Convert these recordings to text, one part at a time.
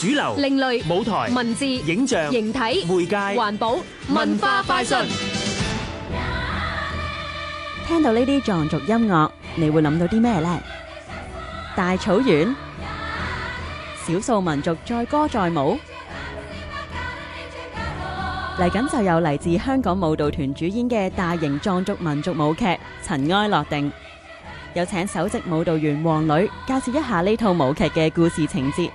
主流、另類舞台、文字、影像、形體、媒介、環保、文化快訊。聽到呢啲藏族音樂，你會諗到啲咩呢？大草原，少數民族載歌載舞。嚟緊就有嚟自香港舞蹈團主演嘅大型藏族民族舞劇《塵埃落定》，有請首席舞蹈員王磊介紹一下呢套舞劇嘅故事情節。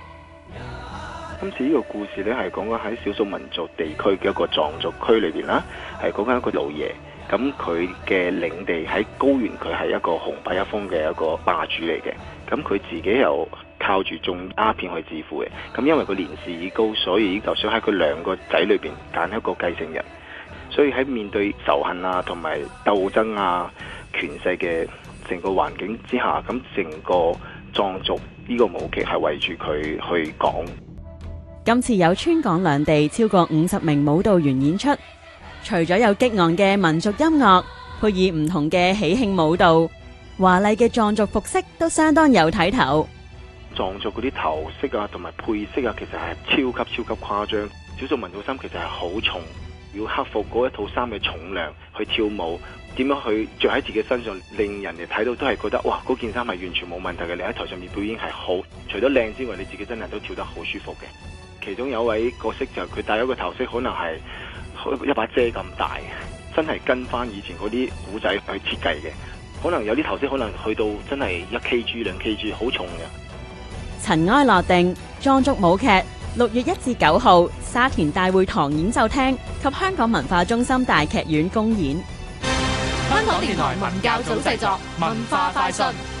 今次呢個故事咧係講緊喺少數民族地區嘅一個藏族區裏邊啦，係講緊一個老爺，咁佢嘅領地喺高原，佢係一個雄霸一方嘅一個霸主嚟嘅，咁佢自己又靠住種鴉片去致富嘅，咁因為佢年事已高，所以就想喺佢兩個仔裏邊揀一個繼承人，所以喺面對仇恨啊同埋鬥爭啊權勢嘅成個環境之下，咁成個藏族呢個武器係圍住佢去講。今次有川港兩地超過五十名舞蹈員演出，除咗有激昂嘅民族音樂，配以唔同嘅喜慶舞蹈，華麗嘅藏族服飾都相當有睇頭。藏族嗰啲頭飾啊，同埋配飾啊，其實係超級超級誇張。少數民族衫其實係好重，要克服嗰一套衫嘅重量去跳舞，點樣去着喺自己身上，令人哋睇到都係覺得，哇，嗰件衫係完全冇問題嘅。你喺台上面表演係好，除咗靚之外，你自己真係都跳得好舒服嘅。其中有位角色就佢戴咗個頭飾，可能係一把遮咁大，真係跟翻以前嗰啲古仔去設計嘅。可能有啲頭飾可能去到真係一 kg、兩 kg 好重嘅。塵埃落定，壯族舞劇六月一至九號，沙田大會堂演奏廳及香港文化中心大劇院公演。香港電台文教組製作，文化快訊。